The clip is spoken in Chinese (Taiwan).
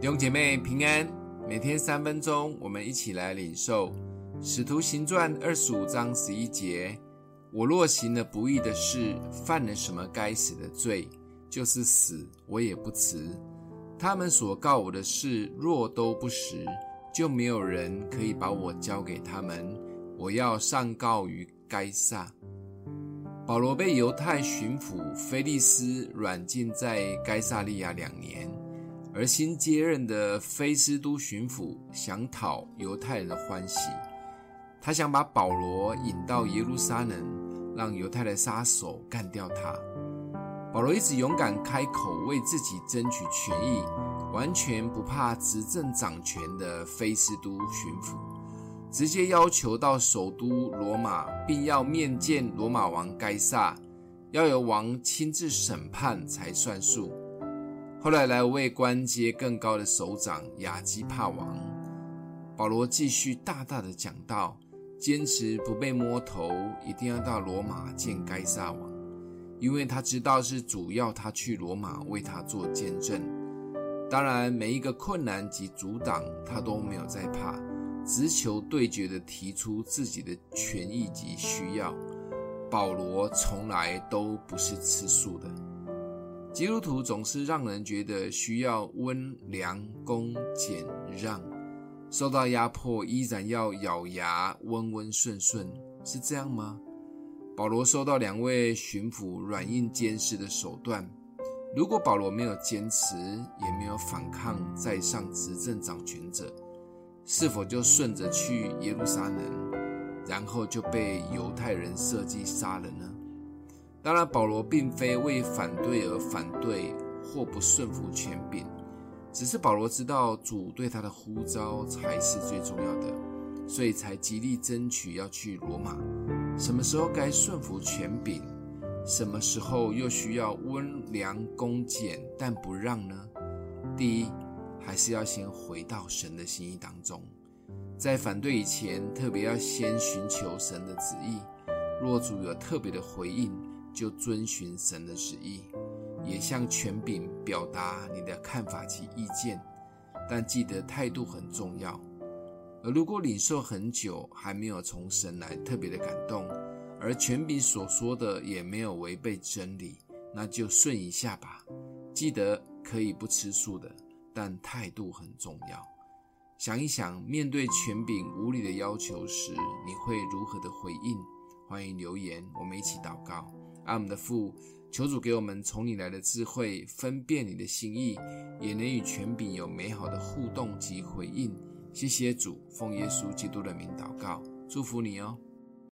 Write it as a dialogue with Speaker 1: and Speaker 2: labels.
Speaker 1: 弟兄姐妹平安，每天三分鐘，我們一起來領受《使徒行傳》二十五章十一節：“我若行了不義的事，犯了什麼該死的罪，就是死，我也不辭。他們所告我的事，若都不實，就沒有人可以把我交給他們。我要上告於該撒。”保羅被猶太巡撫腓力斯軟禁在該撒利亞兩年。而新接任的非斯都巡撫想討猶太人的歡喜，他想把保羅引到耶路撒冷，讓猶太的殺手幹掉他。保羅一直勇敢開口為自己爭取權益，完全不怕執政掌權的非斯都巡撫，直接要求到首都羅馬，並要面見羅馬王該撒，要由王親自審判才算數。後來來位官階更高的首長亞基帕王，保羅繼續大大的講道，堅持不被摸頭，一定要到羅馬見該撒王，因為他知道是主要他去羅馬為他做見證。當然，每一個困難及阻擋，他都沒有在怕，直球對決的提出自己的權益及需要。保羅從來都不是吃素的。基督徒總是讓人覺得需要溫良恭儉讓，受到壓迫依然要咬牙溫溫順順，是這樣嗎？保羅受到兩位巡撫軟硬兼施的手段，如果保羅沒有堅持，也沒有反抗在上執政掌權者，是否就順着去耶路撒冷，然後就被猶太人設計殺了呢？當然，保羅並非為反對而反對，或不順服權柄，只是保羅知道主對他的呼召才是最重要的，所以才極力爭取要去羅馬。什麼時候該順服權柄，什麼時候又需要溫良恭儉但不讓呢？第一，還是要先回到神的心意當中，在反對以前，特別要先尋求神的旨意。若主有特別的回應，就遵循神的旨意，也向權柄表達你的看法及意見，但記得態度很重要。而如果領受很久還沒有從神來特別的感動，而權柄所說的也沒有違背真理，那就順一下吧。記得可以不吃素的，但態度很重要。想一想，面對權柄無理的要求時，你會如何的回應？歡迎留言，我們一起禱告。愛我們的父，求主給我們從你來的智慧，分辨你的心意，也能與權柄有美好的互動及回應。謝謝主，奉耶穌基督的名禱告，祝福你哦。